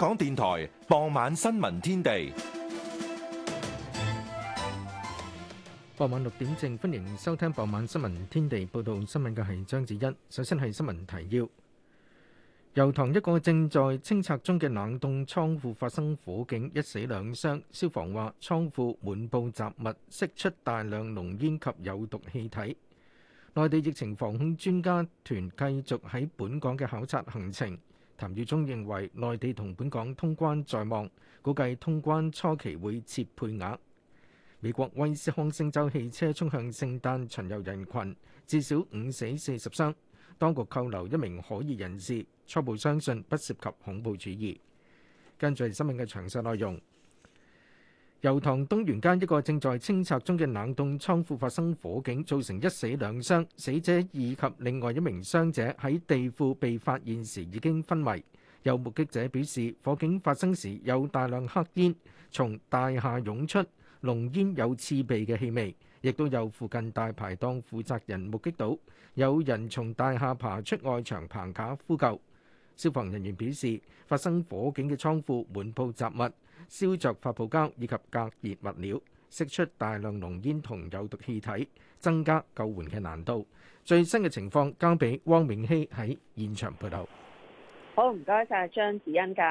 香港電台傍晚新聞天地，傍晚六點正，歡迎收聽傍晚新聞天地。報道新聞嘅係張子欣。首先係新聞提要：油塘一個正在清拆中嘅冷凍倉庫發生火警，一死兩傷。消防話倉庫滿布雜物，釋出大量濃煙及有毒氣體。內地疫情防控專家團繼續喺本港嘅考察行程。譚宇忠認為，內地同本港通關在望，估計通關初期會設配額。美國威斯康星州汽車沖向聖誕巡遊人群，至少五死四十傷，當局扣留一名可疑人士，初步相信不涉及恐怖主義。跟住新聞嘅詳細內容。油塘東園街一個正在清拆中嘅冷凍倉庫發生火警，造成一死兩傷，死者以及另外一名傷者喺地庫被發現時已經昏迷。有目擊者表示，火警發生時有大量黑煙從大廈湧出，濃煙有刺鼻嘅氣味，亦都有附近大排檔負責人目擊到，有人從大廈爬出外牆棚架呼救。消防人員表示，發生火警嘅倉庫滿佈雜物。燒着發泡膠以及隔熱物料，釋出大量濃煙同有毒氣體，增加救援嘅難度。最新嘅情況交俾汪永熙喺現場報道。好，唔該晒張子欣格。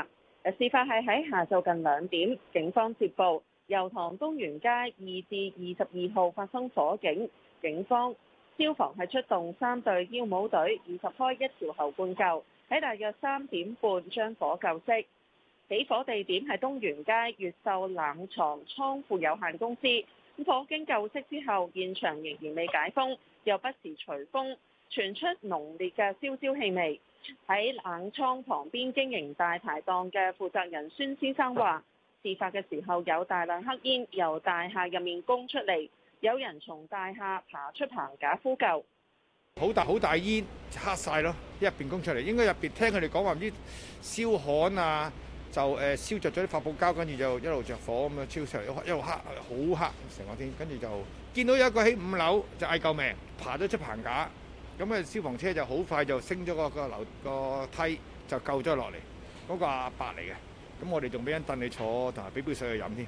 事發係喺下晝近兩點，警方接報油塘東源街二至二十二號發生火警，警方消防係出動三隊煙帽隊二十開一條喉灌救，喺大約三點半將火救熄。起火地點係東源街越秀冷藏倉庫有限公司。火經救熄之後，現場仍然未解封，又不時隨風傳出濃烈嘅燒焦氣味。喺冷倉旁邊經營大排檔嘅負責人孫先生話：事發嘅時候有大量黑煙由大廈入面供出嚟，有人從大廈爬出棚架呼救，好大好大煙，黑晒咯，一入邊供出嚟。應該入邊聽佢哋講話唔知燒焊啊。就誒燒着咗啲發泡膠，跟住就一路着火咁樣燒出嚟，一路黑，好黑成個天。跟住就見到有一個喺五樓就嗌救命，爬咗出棚架。咁嘅消防車就好快就升咗個個樓個梯就救咗落嚟。嗰個阿伯嚟嘅，咁我哋仲俾人凳，你坐，同埋俾杯水去飲添。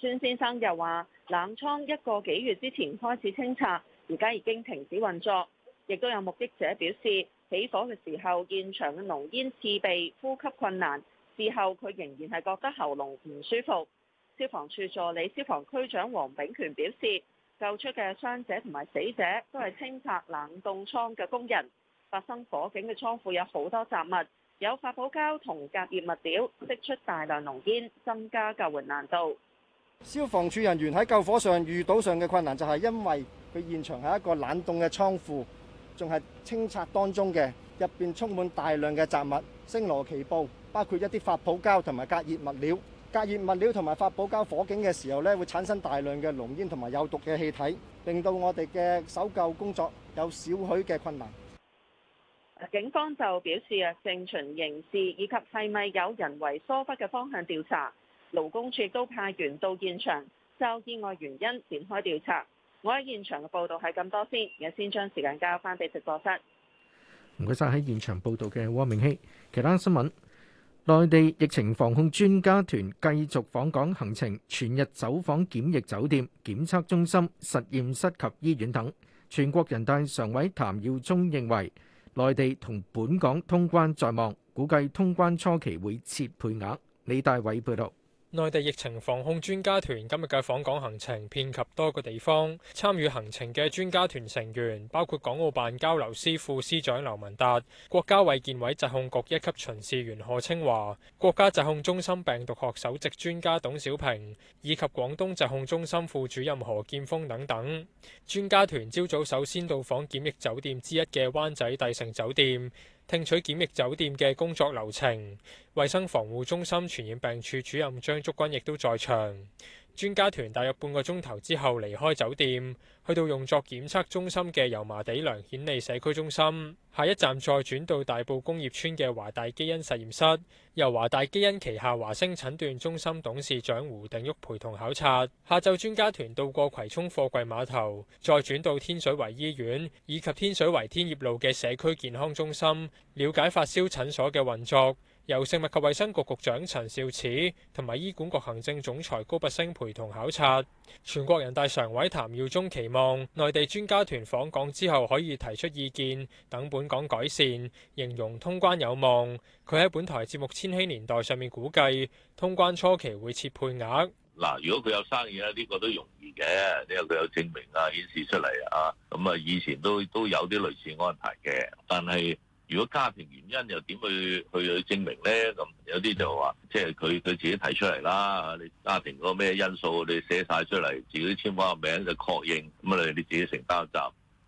孫先生又話：南倉一個幾月之前開始清拆，而家已經停止運作。亦都有目擊者表示。起火嘅時候，現場嘅濃煙刺鼻，呼吸困難。事後佢仍然係覺得喉嚨唔舒服。消防處助理消防區長黃炳權表示，救出嘅傷者同埋死者都係清拆冷凍倉嘅工人。發生火警嘅倉庫有好多雜物，有發泡膠同隔熱物料，釋出大量濃煙，增加救援難度。消防處人員喺救火上遇到上嘅困難，就係因為佢現場係一個冷凍嘅倉庫。仲係清拆當中嘅，入邊充滿大量嘅雜物、星羅棋布，包括一啲發泡膠同埋隔熱物料。隔熱物料同埋發泡膠火警嘅時候呢，會產生大量嘅濃煙同埋有毒嘅氣體，令到我哋嘅搜救工作有少許嘅困難。警方就表示啊，正循刑事以及係咪有人為疏忽嘅方向調查。勞工處都派員到現場就意外原因展開調查。我喺現場嘅報道係咁多先，而家先將時間交翻俾直播室。唔該曬，喺現場報道嘅汪明希。其他新聞，內地疫情防控專家團繼續訪港行程，全日走訪檢疫酒店、檢測中心、實驗室及醫院等。全國人大常委譚耀宗認為，內地同本港通關在望，估計通關初期會設配額。李大偉報道。內地疫情防控專家團今日嘅訪港行程遍及多個地方，參與行程嘅專家團成員包括港澳辦交流司副司長劉文達、國家衛健委疾控局一級巡視員賀青華、國家疾控中心病毒學首席專家董小平以及廣東疾控中心副主任何劍鋒等等。專家團朝早首先到訪檢疫酒店之一嘅灣仔帝城酒店。聽取檢疫酒店嘅工作流程，衛生防護中心傳染病處主任張竹君亦都在場。專家團大約半個鐘頭之後離開酒店，去到用作檢測中心嘅油麻地梁顯利社區中心，下一站再轉到大埔工業村嘅華大基因實驗室，由華大基因旗下華星診斷中心董事長胡定旭陪同考察。下晝專家團到過葵涌貨櫃碼頭，再轉到天水圍醫院以及天水圍天業路嘅社區健康中心，了解發燒診所嘅運作。由食物及衛生局局長陳肇始同埋醫管局行政總裁高拔升陪同考察。全國人大常委譚耀宗期望內地專家團訪港之後可以提出意見，等本港改善，形容通關有望。佢喺本台節目《千禧年代》上面估計通關初期會設配額。嗱，如果佢有生意咧，呢個都容易嘅，你有佢有證明啊，顯示出嚟啊，咁啊，以前都都有啲類似安排嘅，但係。如果家庭原因又點去去去證明咧？咁有啲就話，即係佢佢自己提出嚟啦。你家庭嗰個咩因素，你寫晒出嚟，自己簽翻個名就確認。咁啊，你你自己承擔。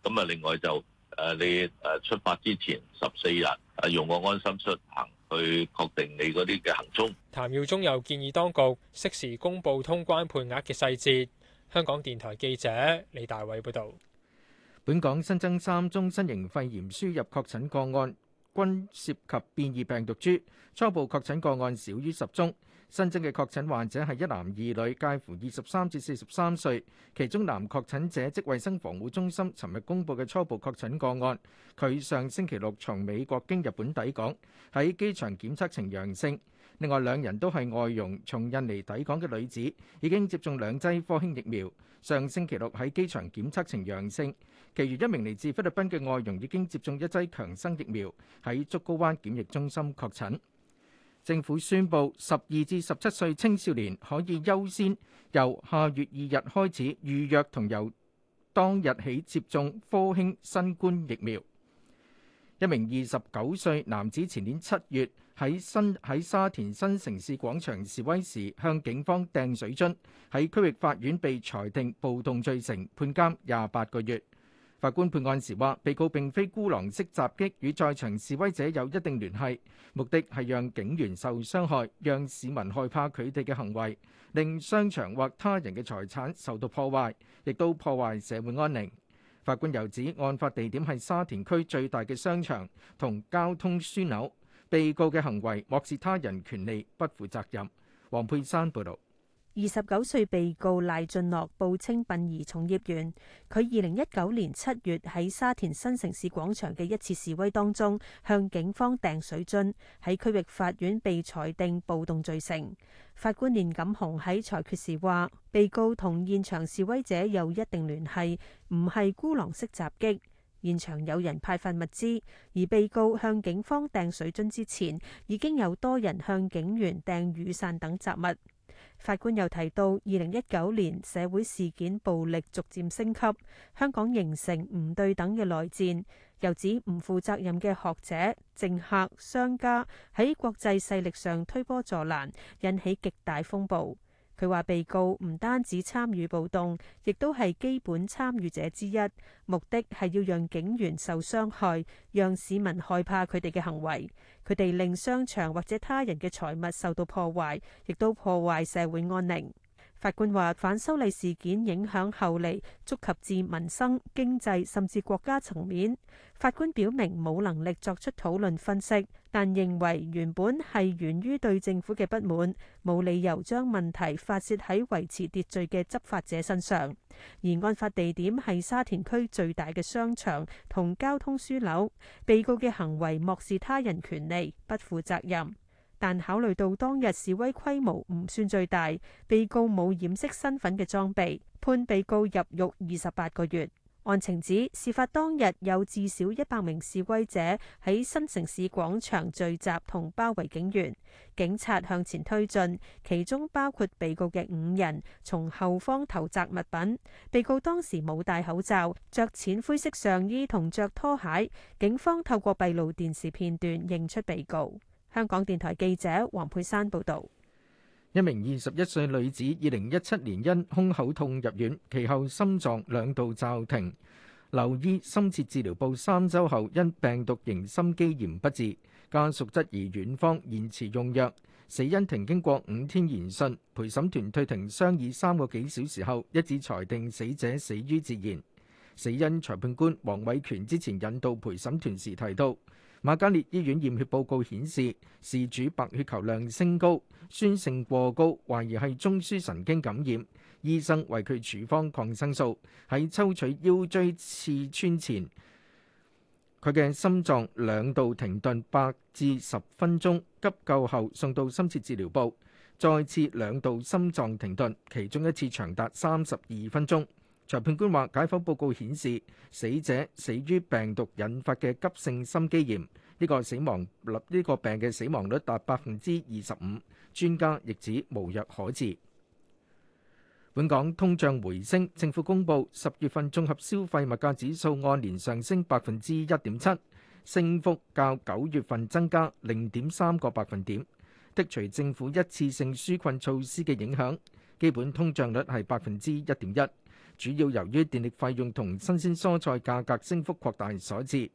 咁啊，另外就誒你誒出發之前十四日啊，用個安心出行去確定你嗰啲嘅行蹤。譚耀宗又建議當局適時公布通關配額嘅細節。香港電台記者李大偉報道。本港新增三宗新型肺炎輸入確診個案，均涉及變異病毒株。初步確診個案少於十宗。新增嘅確診患者係一男二女，介乎二十三至四十三歲。其中男確診者即衞生防護中心尋日公布嘅初步確診個案，佢上星期六從美國經日本抵港，喺機場檢測呈陽性。另外兩人都係外傭，從印尼抵港嘅女子已經接種兩劑科興疫苗，上星期六喺機場檢測呈陽性。其餘一名嚟自菲律賓嘅外傭已經接種一劑強生疫苗，喺竹篙灣檢疫中心確診。政府宣布，十二至十七歲青少年可以優先由下月二日開始預約，同由當日起接種科興新冠疫苗。一名二十九歲男子前年七月喺新喺沙田新城市廣場示威時向警方掟水樽，喺區域法院被裁定暴動罪成，判監廿八個月。法官判案時話，被告並非孤狼式襲擊，與在場示威者有一定聯繫，目的係讓警員受傷害，讓市民害怕佢哋嘅行為，令商場或他人嘅財產受到破壞，亦都破壞社會安寧。法官又指，案發地點係沙田區最大嘅商場同交通樞紐，被告嘅行為漠視他人權利，不負責任。黃佩珊報導。二十九歲被告賴俊樂報稱，殯儀從業員。佢二零一九年七月喺沙田新城市廣場嘅一次示威當中，向警方掟水樽，喺區域法院被裁定暴動罪成。法官練錦雄喺裁決時話，被告同現場示威者有一定聯繫，唔係孤狼式襲擊。現場有人派發物資，而被告向警方掟水樽之前，已經有多人向警員掟雨傘等雜物。法官又提到，二零一九年社會事件暴力逐漸升級，香港形成唔對等嘅內戰，又指唔負責任嘅學者、政客、商家喺國際勢力上推波助瀾，引起極大風暴。佢話：被告唔單止參與暴動，亦都係基本參與者之一，目的係要讓警員受傷害，讓市民害怕佢哋嘅行為。佢哋令商場或者他人嘅財物受到破壞，亦都破壞社會安寧。法官話：反修例事件影響後嚟，觸及至民生、經濟甚至國家層面。法官表明冇能力作出討論分析，但認為原本係源於對政府嘅不滿，冇理由將問題發洩喺維持秩序嘅執法者身上。而案發地點係沙田區最大嘅商場同交通樞紐，被告嘅行為漠視他人權利，不負責任。但考慮到當日示威規模唔算最大，被告冇掩飾身份嘅裝備，判被告入獄二十八個月。案情指事發當日有至少一百名示威者喺新城市廣場聚集同包圍警員，警察向前推進，其中包括被告嘅五人從後方投擲物品。被告當時冇戴口罩，着淺灰色上衣同着拖鞋。警方透過閉路電視片段認出被告。香港電臺記者黃佩珊報道，一名二十一歲女子，二零一七年因胸口痛入院，其後心臟兩度驟停，留醫深切治療部三周後，因病毒型心肌炎不治，家屬質疑院方延遲用藥。死因庭經過五天延訊，陪審團退庭商議三個幾小時後，一致裁定死者死於自然。死因裁判官黃偉權之前引導陪審團時提到。瑪嘉烈醫院驗血報告顯示，事主白血球量升高，酸性過高，懷疑係中樞神經感染。醫生為佢處方抗生素。喺抽取腰椎刺穿前，佢嘅心臟兩度停頓八至十分鐘，急救後送到深切治療部，再次兩度心臟停頓，其中一次長達三十二分鐘。裁判官話：解剖報告顯示，死者死於病毒引發嘅急性心肌炎。呢個死亡率，呢個病嘅死亡率達百分之二十五，專家亦指無藥可治。本港通脹回升，政府公布十月份綜合消費物價指數按年上升百分之一點七，升幅較九月份增加零點三個百分點，剔除政府一次性紓困措施嘅影響，基本通脹率係百分之一點一。主要由於電力費用同新鮮蔬菜價格升幅擴大所致，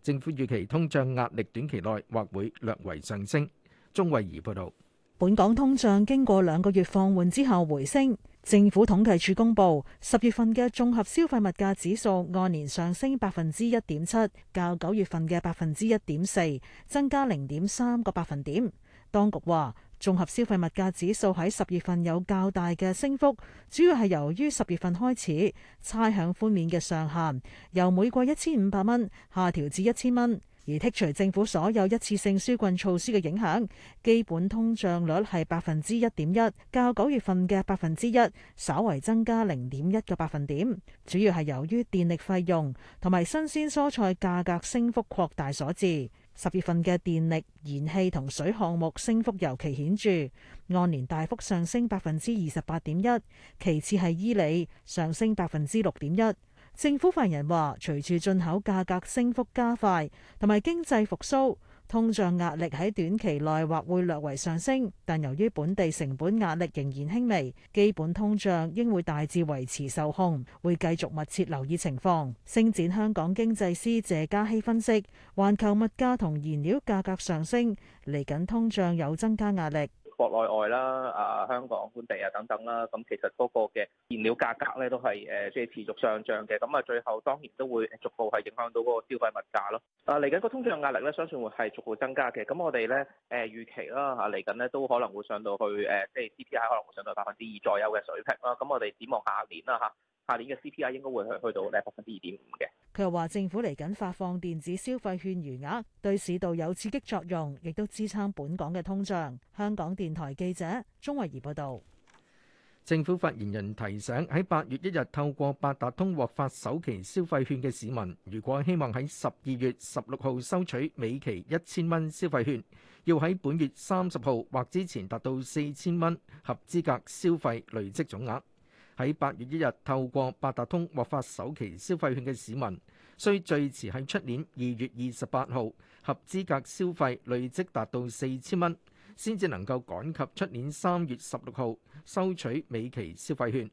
政府預期通脹壓力短期內或會略為上升。鍾慧儀報導，本港通脹經過兩個月放緩之後回升，政府統計處公布，十月份嘅綜合消費物價指數按年上升百分之一點七，較九月份嘅百分之一點四增加零點三個百分點。當局話。綜合消費物價指數喺十月份有較大嘅升幅，主要係由於十月份開始差餉寬免嘅上限由每個一千五百蚊，下調至一千蚊，而剔除政府所有一次性紓困措施嘅影響，基本通脹率係百分之一點一，較九月份嘅百分之一稍為增加零點一個百分點，主要係由於電力費用同埋新鮮蔬菜價格升幅擴大所致。十月份嘅電力、燃氣同水項目升幅尤其顯著，按年大幅上升百分之二十八點一。其次係衣履上升百分之六點一。政府發言人話，隨住進口價格升幅加快，同埋經濟復蘇。通脹壓力喺短期內或會略為上升，但由於本地成本壓力仍然輕微，基本通脹應會大致維持受控，會繼續密切留意情況。星展香港經濟師謝嘉熙分析，環球物價同燃料價格上升，嚟緊通脹有增加壓力。國內外啦，啊香港本地啊等等啦，咁其實嗰個嘅燃料價格咧都係誒即係持續上漲嘅，咁啊最後當然都會逐步係影響到嗰個消費物價咯。啊嚟緊個通脹壓力咧，相信會係逐步增加嘅。咁我哋咧誒預期啦嚇嚟緊咧都可能會上到去誒即係 CPI 可能會上到百分之二左右嘅水平啦。咁我哋展望下年啦嚇。啊下年嘅 CPI 應該會去去到咧百分之二點五嘅。佢又話政府嚟緊發放電子消費券餘額，額對市道有刺激作用，亦都支撐本港嘅通脹。香港電台記者鍾慧儀報道。政府發言人提醒：喺八月一日透過八達通獲發首期消費券嘅市民，如果希望喺十二月十六號收取尾期一千蚊消費券，要喺本月三十號或之前達到四千蚊合資格消費累積總額。喺八月一日透過八達通獲發首期消費券嘅市民，需最遲喺出年二月二十八號合資格消費累積達到四千蚊，先至能夠趕及出年三月十六號收取尾期消費券。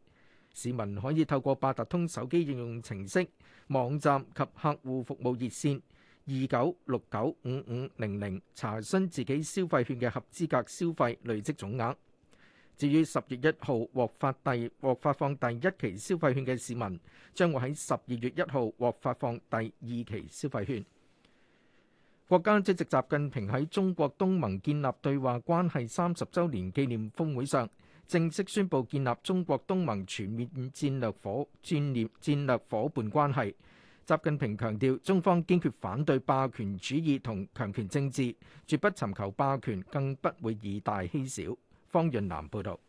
市民可以透過八達通手機應用程式、網站及客戶服務熱線二九六九五五零零查詢自己消費券嘅合資格消費累積總額。至於十月一號獲發第獲發放第一期消費券嘅市民，將會喺十二月一號獲發放第二期消費券。國家主席習近平喺中國東盟建立對話關係三十周年紀念峰會上，正式宣布建立中國東盟全面戰略夥戰略戰略夥伴關係。習近平強調，中方堅決反對霸權主義同強權政治，絕不尋求霸權，更不會以大欺小。方潤南報道，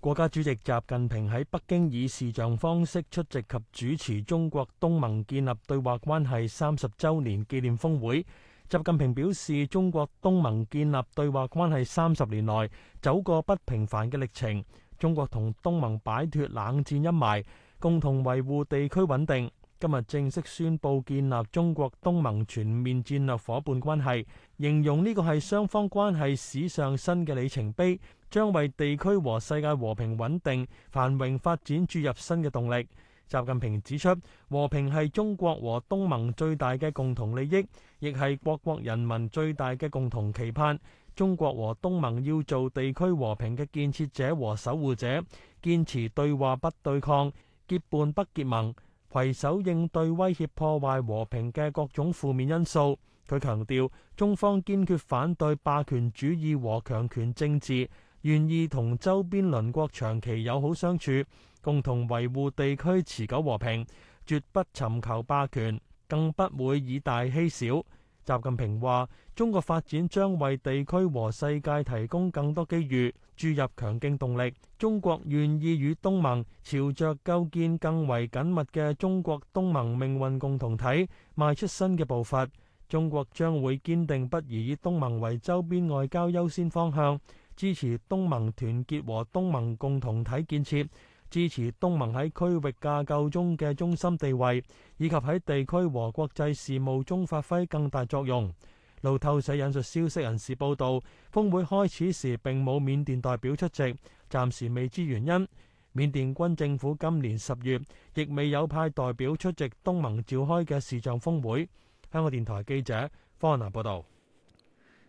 國家主席習近平喺北京以視像方式出席及主持中國東盟建立對話關係三十周年紀念峰會。習近平表示，中國東盟建立對話關係三十年來，走過不平凡嘅歷程。中國同東盟擺脫冷戰陰霾，共同維護地區穩定。今日正式宣布建立中國東盟全面戰略夥伴關係，形容呢個係雙方關係史上新嘅里程碑。將為地區和世界和平穩定繁榮發展注入新嘅動力。習近平指出，和平係中國和東盟最大嘅共同利益，亦係各國人民最大嘅共同期盼。中國和東盟要做地區和平嘅建設者和守護者，堅持對話不對抗，結伴不結盟，攜手應對威脅破壞和平嘅各種負面因素。佢強調，中方堅決反對霸權主義和強權政治。願意同周邊鄰國長期友好相處，共同維護地區持久和平，絕不尋求霸權，更不會以大欺小。習近平話：中國發展將為地區和世界提供更多機遇，注入強勁動力。中國願意與東盟朝着構建更為緊密嘅中國東盟命運共同體，邁出新嘅步伐。中國將會堅定不移以東盟為周邊外交優先方向。支持東盟團結和東盟共同體建設，支持東盟喺區域架構中嘅中心地位，以及喺地區和國際事務中發揮更大作用。路透社引述消息人士報道，峰會開始時並冇緬甸代表出席，暫時未知原因。緬甸軍政府今年十月亦未有派代表出席東盟召開嘅視像峰會。香港電台記者方雲南報道。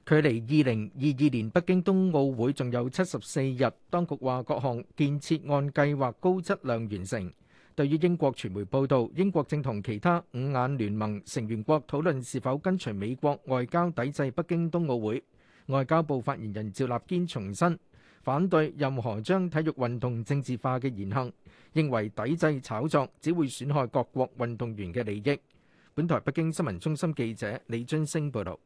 距離二零二二年北京冬奧會仲有七十四日，當局話各項建設按計劃高質量完成。對於英國傳媒報道，英國正同其他五眼聯盟成員國討論是否跟隨美國外交抵制北京冬奧會。外交部發言人趙立堅重申，反對任何將體育運動政治化嘅言行，認為抵制炒作只會損害各國運動員嘅利益。本台北京新聞中心記者李津升報道。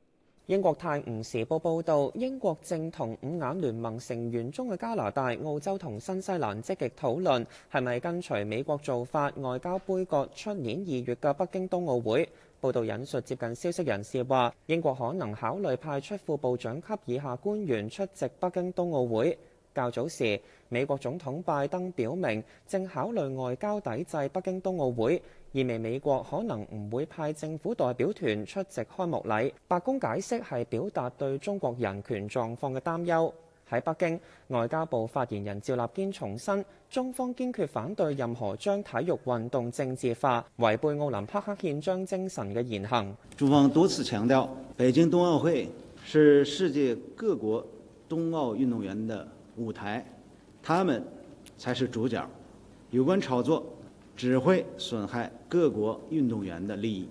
英國《泰晤士報》報道，英國正同五眼聯盟成員中嘅加拿大、澳洲同新西蘭積極討論，係咪跟隨美國做法，外交杯葛出年二月嘅北京冬奧會。報道引述接近消息人士話，英國可能考慮派出副部長級以下官員出席北京冬奧會。較早時，美國總統拜登表明，正考慮外交抵制北京冬奧會。意味美國可能唔會派政府代表團出席開幕禮。白宮解釋係表達對中國人權狀況嘅擔憂。喺北京，外交部發言人趙立堅重申，中方堅決反對任何將體育運動政治化、違背奧林匹克憲章精神嘅言行。中方多次強調，北京冬奧會是世界各國冬奧運動員的舞台，他們才是主角。有關炒作，只會損害各國運動員的利益。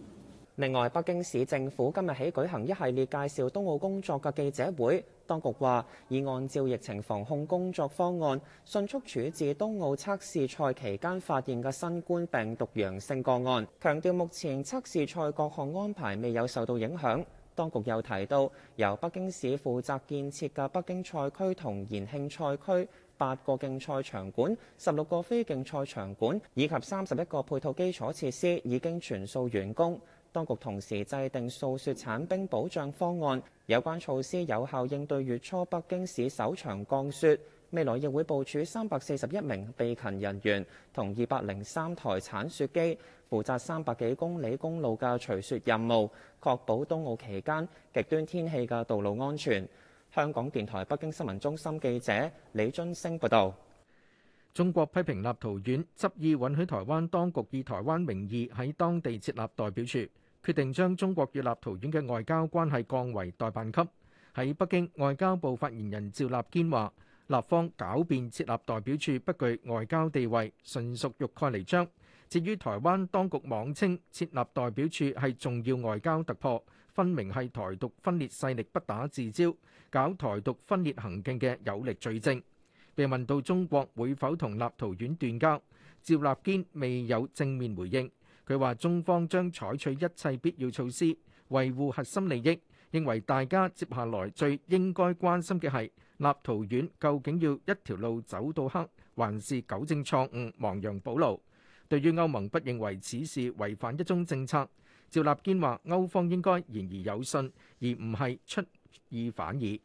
另外，北京市政府今日起舉行一系列介紹冬奧工作嘅記者會，當局話已按照疫情防控工作方案，迅速處置冬奧測試賽期間發現嘅新冠病毒陽性個案，強調目前測試賽各項安排未有受到影響，當局又提到，由北京市負責建設嘅北京賽區同延慶賽區，八個競賽場館、十六個非競賽場館以及三十一個配套基礎設施已經全數完工。當局同時制定掃雪鏟冰保障方案，有關措施有效應對月初北京市首場降雪。未來亦會部署三百四十一名備勤人員同二百零三台鏟雪機，負責三百幾公里公路嘅除雪任務，確保冬奧期間極端天氣嘅道路安全。香港電台北京新聞中心記者李津升報導，中國批評立陶宛執意允許台灣當局以台灣名義喺當地設立代表處，決定將中國與立陶宛嘅外交關係降為代辦級。喺北京，外交部發言人趙立堅話，立方狡辯設立代表處不具外交地位，純屬欲蓋彌彰。至於台灣當局妄稱設立代表處係重要外交突破，分明係台獨分裂勢力不打自招，搞台獨分裂行徑嘅有力罪證。被問到中國會否同立陶宛斷交，趙立堅未有正面回應。佢話中方將採取一切必要措施，維護核心利益。認為大家接下來最應該關心嘅係立陶宛究竟要一條路走到黑，還是糾正錯誤、亡羊補牢。對於歐盟不認為此事違反一中政策。趙立堅話：歐方應該言而有信，而唔係出爾反爾。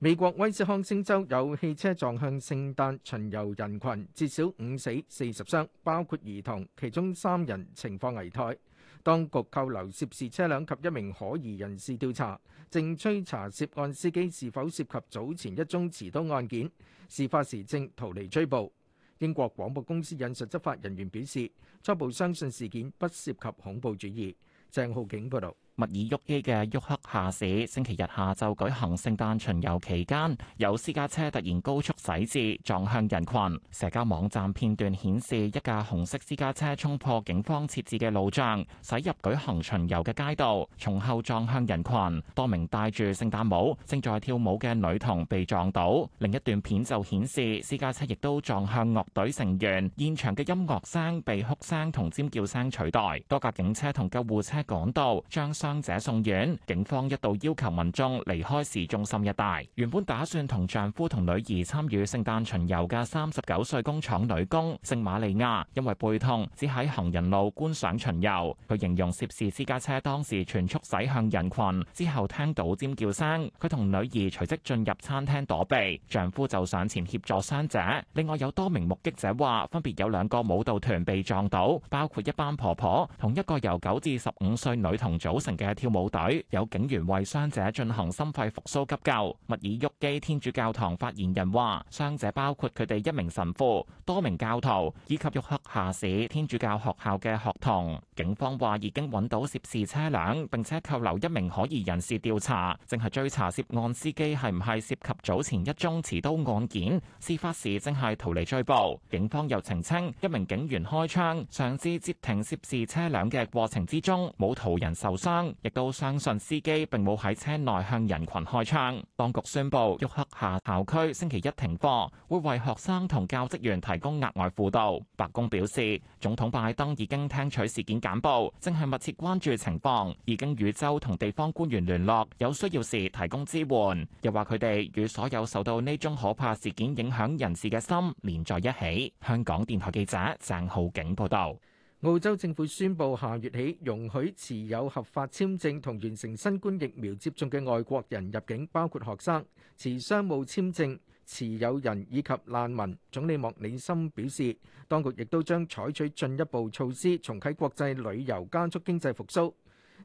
美國威斯康星州有汽車撞向聖誕巡遊人群，至少五死四十傷，包括兒童，其中三人情況危殆。當局扣留涉事車輛及一名可疑人士調查，正追查涉案司機是否涉及早前一宗持刀案件。事發時正逃離追捕。英國廣播公司引述執法人員表示，初步相信事件不涉及恐怖主義。鄭浩景報道。墨爾沃基嘅沃克下市，星期日下晝舉行聖誕巡遊期間，有私家車突然高速駛至撞向人群。社交網站片段顯示，一架紅色私家車衝破警方設置嘅路障，駛入舉行巡遊嘅街道，從後撞向人群，多名戴住聖誕帽、正在跳舞嘅女童被撞倒。另一段片就顯示，私家車亦都撞向樂隊成員，現場嘅音樂聲被哭聲同尖叫聲取代。多架警車同救護車趕到，將傷者送院，警方一度要求民眾離開市中心一帶。原本打算同丈夫同女兒參與聖誕巡遊嘅三十九歲工廠女工聖瑪利亞，因為背痛只喺行人路觀賞巡遊。佢形容涉事私家車當時全速駛向人群，之後聽到尖叫聲，佢同女兒隨即進入餐廳躲避，丈夫就上前協助傷者。另外有多名目擊者話，分別有兩個舞蹈團被撞到，包括一班婆婆同一個由九至十五歲女童組成。嘅跳舞隊有警員為傷者進行心肺復甦急救。密爾沃基天主教堂發言人話：傷者包括佢哋一名神父、多名教徒以及沃克下市天主教學校嘅學童。警方話已經揾到涉事車輛，並且扣留一名可疑人士調查，正係追查涉案司機係唔係涉及早前一宗持刀案件。事發時正係逃離追捕。警方又澄清：一名警員開槍，上至截停涉事車輛嘅過程之中，冇途人受傷。亦都相信司機並冇喺車內向人群開槍，當局宣布，沃克夏校區星期一停課，會為學生同教職員提供額外輔導，白宮表示，總統拜登已經聽取事件簡報，正係密切關注情況，已經與州同地方官員聯絡，有需要時提供支援。又話佢哋與所有受到呢宗可怕事件影響人士嘅心連在一起。香港電台記者鄭浩景報道。澳洲政府宣布下月起容許持有合法簽證同完成新冠疫苗接種嘅外國人入境，包括學生、持商務簽證持有人以及難民。總理莫里森表示，當局亦都將採取進一步措施重啟國際旅遊，加速經濟復甦。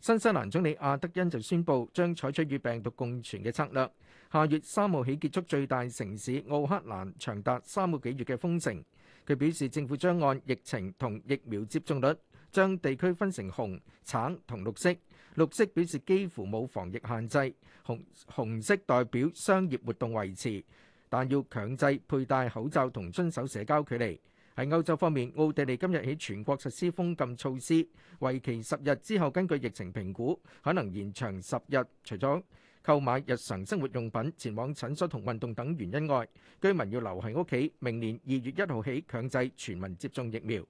新西蘭總理阿德恩就宣布將採取與病毒共存嘅策略，下月三號起結束最大城市奧克蘭長達三個幾月嘅封城。佢表示，政府將按疫情同疫苗接種率將地區分成紅、橙同綠色。綠色表示幾乎冇防疫限制，紅紅色代表商業活動維持，但要強制佩戴口罩同遵守社交距離。喺歐洲方面，奧地利今日起全國實施封禁措施，為期十日之後，根據疫情評估可能延長十日。除咗購買日常生活用品、前往診所同運動等原因外，居民要留喺屋企。明年二月一號起強制全民接種疫苗。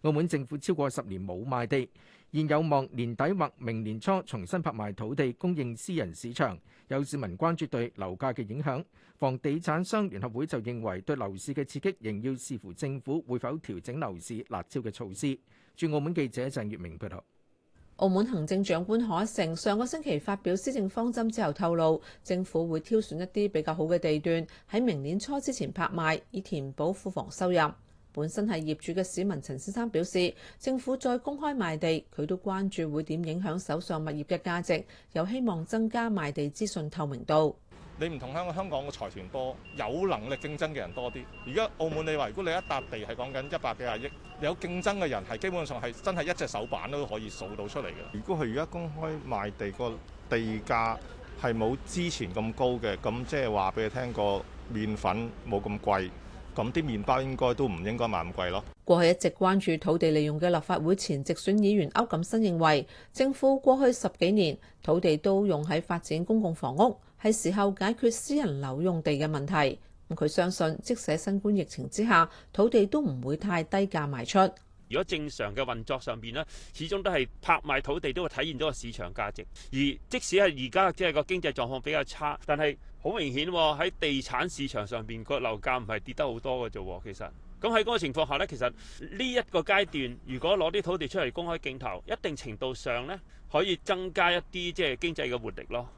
澳門政府超過十年冇賣地，現有望年底或明年初重新拍賣土地供應私人市場。有市民關注對樓價嘅影響，房地產商聯合會就認為對樓市嘅刺激仍要視乎政府會否調整樓市辣招嘅措施。駐澳門記者鄭月明報道。澳門行政長官賀一誠上個星期發表施政方針之後，透露政府會挑選一啲比較好嘅地段喺明年初之前拍賣，以填補庫房收入。本身係業主嘅市民陳先生表示，政府再公開賣地，佢都關注會點影響手上物業嘅價值，有希望增加賣地資訊透明度。你唔同香香港嘅財團多，有能力競爭嘅人多啲。而家澳門你話，如果你一笪地係講緊一百幾廿億，有競爭嘅人係基本上係真係一隻手板都可以數到出嚟嘅。如果佢而家公開賣地個地價係冇之前咁高嘅，咁即係話俾你聽個麵粉冇咁貴，咁啲麵包應該都唔應該賣咁貴咯。過去一直關注土地利用嘅立法會前直選議員區錦新認為，政府過去十幾年土地都用喺發展公共房屋。係時候解決私人樓用地嘅問題。咁佢相信，即使新冠疫情之下，土地都唔會太低價賣出。如果正常嘅運作上邊咧，始終都係拍賣土地都會體現咗個市場價值。而即使係而家即係個經濟狀況比較差，但係好明顯喺地產市場上邊個樓價唔係跌得好多嘅啫。其實咁喺嗰個情況下呢，其實呢一個階段，如果攞啲土地出嚟公開競投，一定程度上呢，可以增加一啲即係經濟嘅活力咯。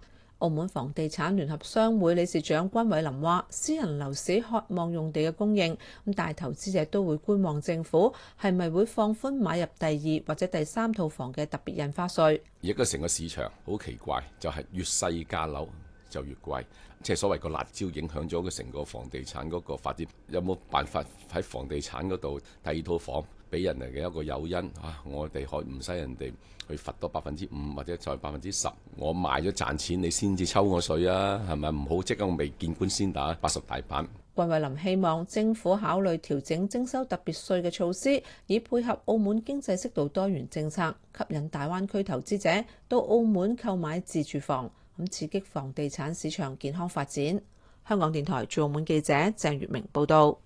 澳門房地產聯合商會理事長關偉林話，私人樓市渴望用地嘅供應，咁大投資者都會觀望政府係咪會放寬買入第二或者第三套房嘅特別印花稅。而家成個市場好奇怪，就係越細價樓就越貴，即係所謂個辣椒影響咗個成個房地產嗰個發展，有冇辦法喺房地產嗰度第二套房？俾人哋嘅一個誘因嚇，我哋可唔使人哋去罰多百分之五或者再百分之十，我賣咗賺錢，你先至抽我水啊，係咪唔好即刻未見官先打八十大板。韋慧林希望政府考慮調整徵收特別稅嘅措施，以配合澳門經濟適度多元政策，吸引大灣區投資者到澳門購買自住房，咁刺激房地產市場健康發展。香港電台駐澳門記者鄭月明報導。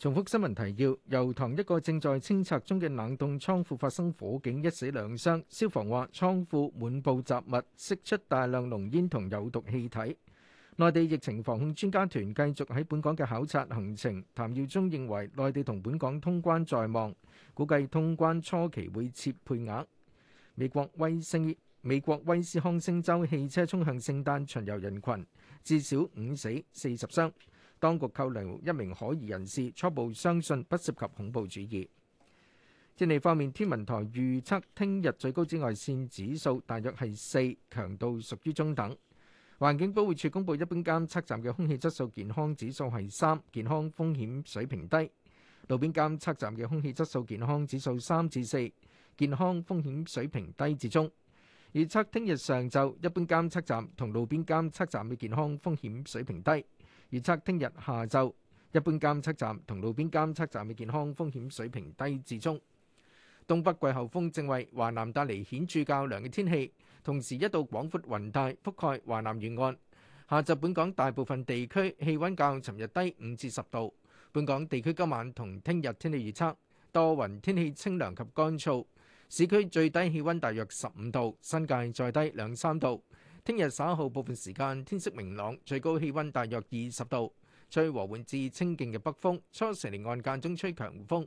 重複新聞提要：油塘一個正在清拆中嘅冷凍倉庫發生火警，一死兩傷。消防話倉庫滿布雜物，釋出大量濃煙同有毒氣體。內地疫情防控專家團繼續喺本港嘅考察行程。譚耀宗認為內地同本港通關在望，估計通關初期會設配額。美國威斯，美國威斯康星州汽車衝向聖誕巡遊人群，至少五死四十傷。當局扣留一名可疑人士，初步相信不涉及恐怖主義。天氣方面，天文台預測聽日最高紫外線指數大約係四，強度屬於中等。環境保護署公布一般監測站嘅空氣質素健康指數係三，健康風險水平低；路邊監測站嘅空氣質素健康指數三至四，健康風險水平低至中。預測聽日上晝一般監測站同路邊監測站嘅健康風險水平低。預測聽日下晝一般監測站同路邊監測站嘅健康風險水平低至中。東北季候風正為華南帶嚟顯著較涼嘅天氣，同時一道廣闊雲帶覆蓋華南沿岸。下晝本港大部分地區氣溫較尋日低五至十度。本港地區今晚同聽日天氣預測多雲，天氣清涼及乾燥。市區最低氣溫大約十五度，新界再低兩三度。聽日稍後部分時間天色明朗，最高氣溫大約二十度，吹和緩至清勁嘅北風，初時離岸間中吹強風。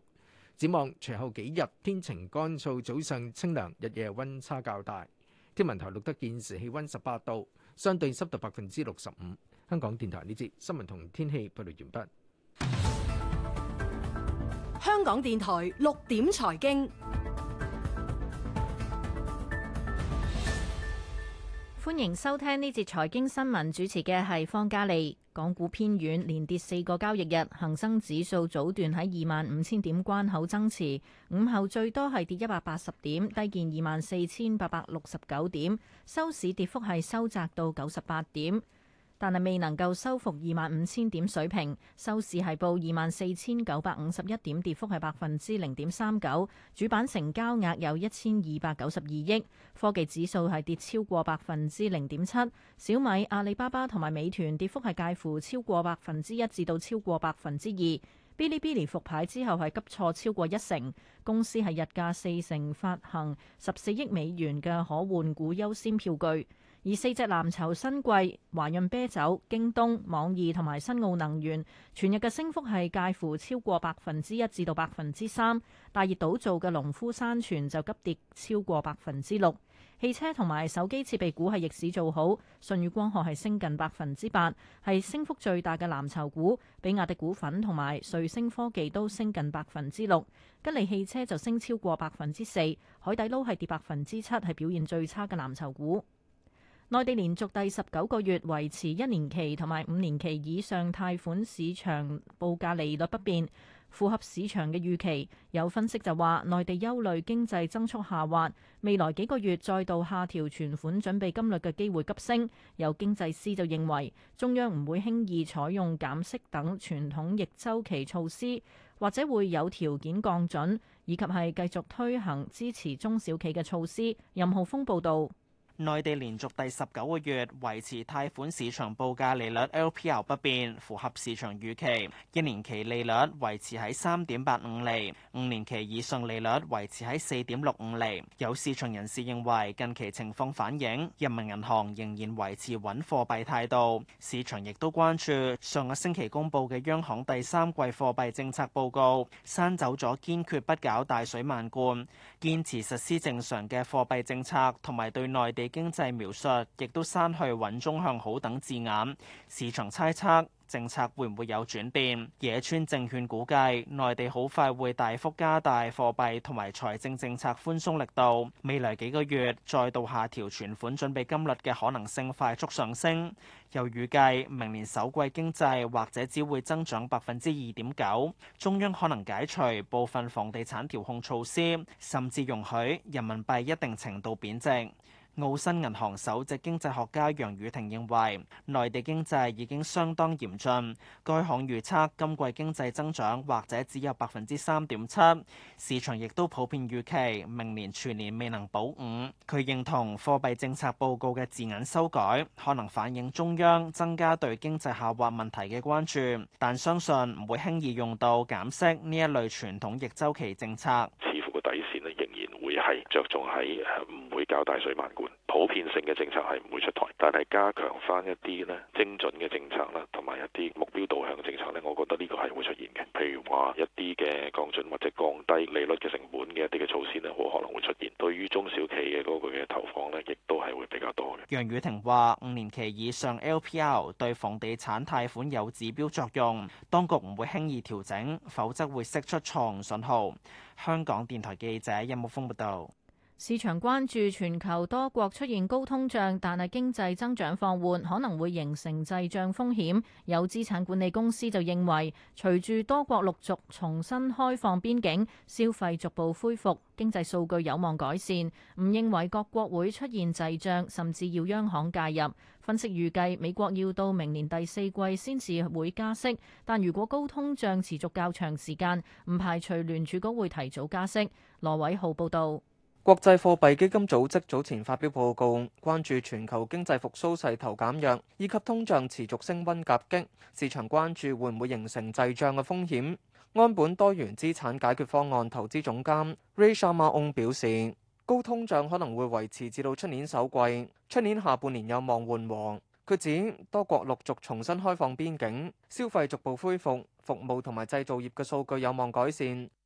展望隨後幾日天晴乾燥，早上清涼，日夜溫差較大。天文台錄得現時氣溫十八度，相對濕度百分之六十五。香港電台呢節新聞同天氣報道完畢。香港電台六點財經。歡迎收聽呢節財經新聞，主持嘅係方嘉利。港股偏軟，連跌四個交易日，恒生指數早段喺二萬五千點關口增持，午後最多係跌一百八十點，低見二萬四千八百六十九點，收市跌幅係收窄到九十八點。但係未能夠收復二萬五千點水平，收市係報二萬四千九百五十一點，跌幅係百分之零點三九。主板成交額有一千二百九十二億，科技指數係跌超過百分之零點七。小米、阿里巴巴同埋美團跌幅係介乎超過百分之一至到超過百分之二。Bilibili 復牌之後係急挫超過一成，公司係日價四成發行十四億美元嘅可換股優先票據。以四隻藍籌新貴、華潤啤酒、京東、網易同埋新奧能源，全日嘅升幅係介乎超過百分之一至到百分之三。大熱倒灶嘅農夫山泉就急跌超過百分之六。汽車同埋手機設備股係逆市做好，舜宇光學係升近百分之八，係升幅最大嘅藍籌股。比亞迪股份同埋瑞星科技都升近百分之六，吉利汽車就升超過百分之四。海底撈係跌百分之七，係表現最差嘅藍籌股。內地連續第十九個月維持一年期同埋五年期以上貸款市場報價利率不變，符合市場嘅預期。有分析就話，內地憂慮經濟增速下滑，未來幾個月再度下調存款準備金率嘅機會急升。有經濟師就認為，中央唔會輕易採用減息等傳統逆週期措施，或者會有條件降準，以及係繼續推行支持中小企嘅措施。任浩峰報導。內地連續第十九個月維持貸款市場報價利率 LPR 不變，符合市場預期。一年期利率維持喺三點八五厘，五年期以上利率維持喺四點六五厘。有市場人士認為，近期情況反映人民銀行仍然維持穩貨幣態度。市場亦都關注上個星期公布嘅央行第三季貨幣政策報告，刪走咗堅決不搞大水漫灌，堅持實施正常嘅貨幣政策，同埋對內地。經濟描述亦都刪去穩中向好等字眼。市場猜測政策會唔會有轉變？野村證券估計，內地好快會大幅加大貨幣同埋財政政策寬鬆力度。未來幾個月再度下調存款準備金率嘅可能性快速上升。又預計明年首季經濟或者只會增長百分之二點九。中央可能解除部分房地產調控措施，甚至容許人民幣一定程度貶值。澳新銀行首席經濟學家楊宇霆認為，內地經濟已經相當嚴峻。該行預測今季經濟增長或者只有百分之三點七。市場亦都普遍預期明年全年未能保五。佢認同貨幣政策報告嘅字眼修改，可能反映中央增加對經濟下滑問題嘅關注，但相信唔會輕易用到減息呢一類傳統逆週期政策。底線咧仍然會係着重喺唔會搞大水漫灌。普遍性嘅政策係唔會出台，但係加強翻一啲咧精準嘅政策啦，同埋一啲目標導向嘅政策咧，我覺得呢個係會出現嘅。譬如話一啲嘅降準或者降低利率嘅成本嘅一啲嘅措施咧，好可能會出現。對於中小企嘅嗰個嘅投放咧，亦都係會比較多嘅。楊雨婷話，五年期以上 LPR 對房地產貸款有指標作用，當局唔會輕易調整，否則會釋出錯誤信號。香港電台記者任木峯報道。市場關注全球多國出現高通脹，但係經濟增長放緩，可能會形成滯脹風險。有資產管理公司就認為，隨住多國陸續重新開放邊境，消費逐步恢復，經濟數據有望改善。唔認為各國會出現滯脹，甚至要央行介入。分析預計，美國要到明年第四季先至會加息，但如果高通脹持續較長時間，唔排除聯儲局會提早加息。羅偉浩報道。國際貨幣基金組織早前發表報告，關注全球經濟復甦勢頭減弱，以及通脹持續升溫夾擊，市場關注會唔會形成滯脹嘅風險。安本多元資產解決方案投資總監 Ray Sharma 表示，高通脹可能會維持至到出年首季，出年下半年有望緩和。佢指多國陸續重新開放邊境，消費逐步恢復，服務同埋製造業嘅數據有望改善。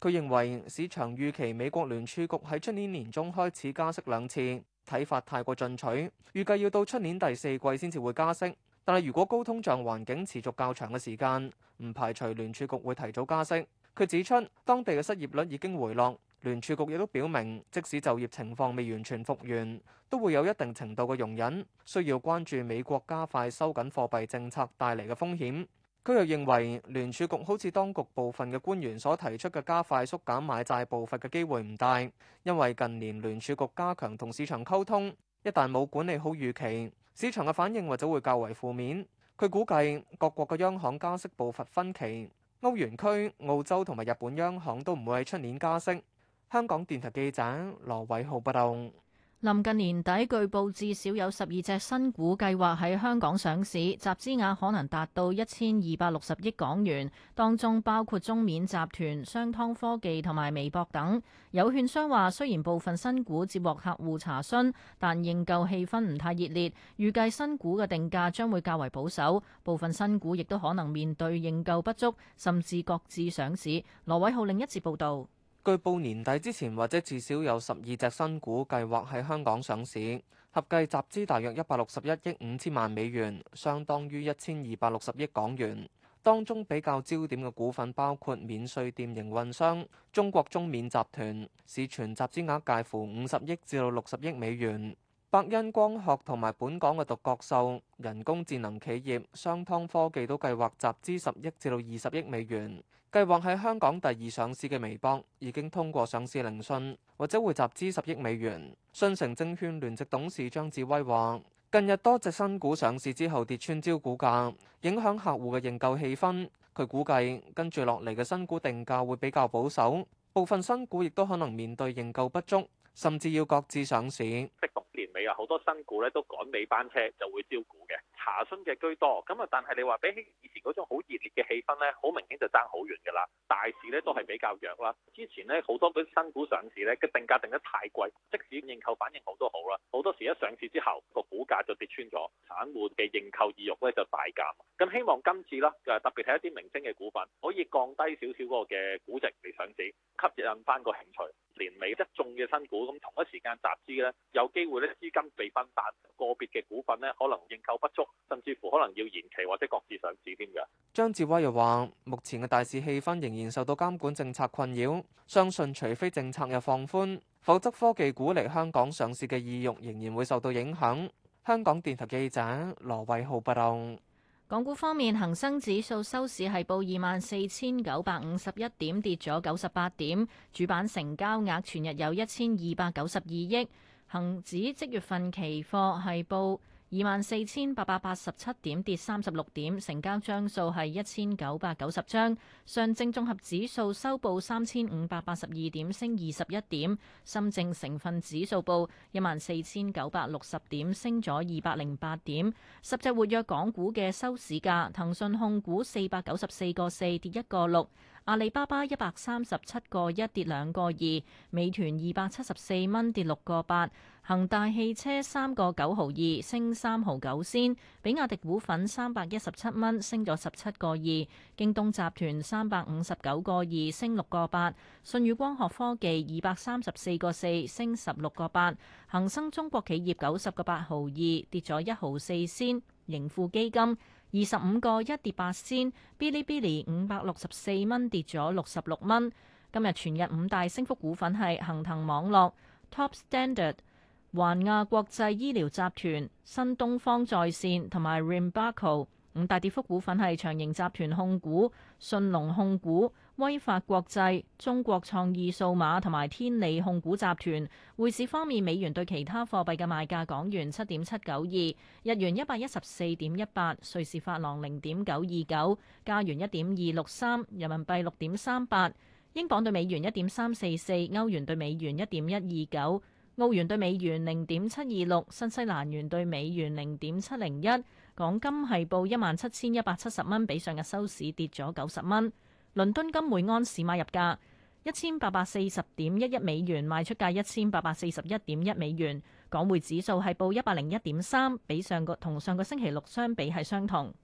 佢認為市場預期美國聯儲局喺出年年中開始加息兩次，睇法太過進取。預計要到出年第四季先至會加息，但係如果高通脹環境持續較長嘅時間，唔排除聯儲局會提早加息。佢指出，當地嘅失業率已經回落，聯儲局亦都表明，即使就業情況未完全復原，都會有一定程度嘅容忍。需要關注美國加快收緊貨幣政策帶嚟嘅風險。佢又認為聯儲局好似當局部分嘅官員所提出嘅加快縮減買債步伐嘅機會唔大，因為近年聯儲局加強同市場溝通，一旦冇管理好預期，市場嘅反應或者會較為負面。佢估計各國嘅央行加息步伐分歧，歐元區、澳洲同埋日本央行都唔會喺出年加息。香港電台記者羅偉浩報道。臨近年底，據報至少有十二隻新股計劃喺香港上市，集資額可能達到一千二百六十億港元，當中包括中免集團、商湯科技同埋微博等。有券商話，雖然部分新股接獲客戶查詢，但認購氣氛唔太熱烈，預計新股嘅定價將會較為保守。部分新股亦都可能面對認購不足，甚至擱置上市。羅偉浩另一節報道。據報年底之前或者至少有十二隻新股計劃喺香港上市，合計集資大約一百六十一億五千萬美元，相當於一千二百六十億港元。當中比較焦點嘅股份包括免稅店營運商中國中免集團，市全集資額介乎五十億至到六十億美元。百恩光學同埋，本港嘅獨角獸人工智能企業商湯科技都計劃集資十億至到二十億美元，計劃喺香港第二上市嘅微博已經通過上市聆訊，或者會集資十億美元。信誠證券聯席董事張志威話，近日多隻新股上市之後跌穿招股價，影響客戶嘅認購氣氛。佢估計跟住落嚟嘅新股定價會比較保守，部分新股亦都可能面對認購不足，甚至要擱置上市。年尾啊，好多新股咧都趕尾班車就會招股嘅，查詢嘅居多。咁啊，但係你話比起以前嗰種好熱烈嘅氣氛咧，好明顯就爭好遠㗎啦。大市咧都係比較弱啦。之前咧好多啲新股上市咧嘅定價定得太貴，即使認購反應好都好啦。好多時一上市之後個股價就跌穿咗，散戶嘅認購意欲咧就大減。咁希望今次啦，特別係一啲明星嘅股份可以降低少少嗰個嘅估值嚟上市，吸引翻個興趣。年尾一眾嘅新股咁同一時間集資呢，有機會咧。資金被分散，個別嘅股份咧可能認購不足，甚至乎可能要延期或者擱置上市添嘅。張智威又話：目前嘅大市氣氛仍然受到監管政策困擾，相信除非政策又放寬，否則科技股嚟香港上市嘅意欲仍然會受到影響。香港電台記者羅偉浩報道。港股方面，恒生指數收市係報二萬四千九百五十一點，跌咗九十八點。主板成交額全日有一千二百九十二億。恒指即月份期貨係報二萬四千八百八十七點，跌三十六點，成交張數係一千九百九十張。上證綜合指數收報三千五百八十二點，升二十一點。深證成分指數報一萬四千九百六十點，升咗二百零八點。十隻活躍港股嘅收市價，騰訊控股四百九十四個四，跌一個六。阿里巴巴一百三十七個一跌兩個二，美團二百七十四蚊跌六個八，恒大汽車三個九毫二升三毫九仙，比亞迪股份三百一十七蚊升咗十七個二，京東集團三百五十九個二升六個八，信宇光學科技二百三十四個四升十六個八，恒生中國企業九十個八毫二跌咗一毫四仙，盈富基金二十五個一跌八仙，Bilibili 五百六十四蚊跌咗六十六蚊。今日全日五大升幅股份係恒騰網絡、Top Standard、環亞國際醫療集團、新東方在線同埋 Rimbuckle。五大跌幅股份係長盈集團控股、信隆控股。威法國際、中國創意數碼同埋天利控股集團。匯市方面，美元對其他貨幣嘅賣價：港元七點七九二，日元一百一十四點一八，瑞士法郎零點九二九，加元一點二六三，人民幣六點三八，英鎊對美元一點三四四，歐元對美元一點一二九，澳元對美元零點七二六，新西蘭元對美元零點七零一。港金係報一萬七千一百七十蚊，比上日收市跌咗九十蚊。倫敦金每安士買入價一千八百四十點一一美元，賣出價一千八百四十一點一美元。港匯指數係報一百零一點三，比上個同上個星期六相比係相同。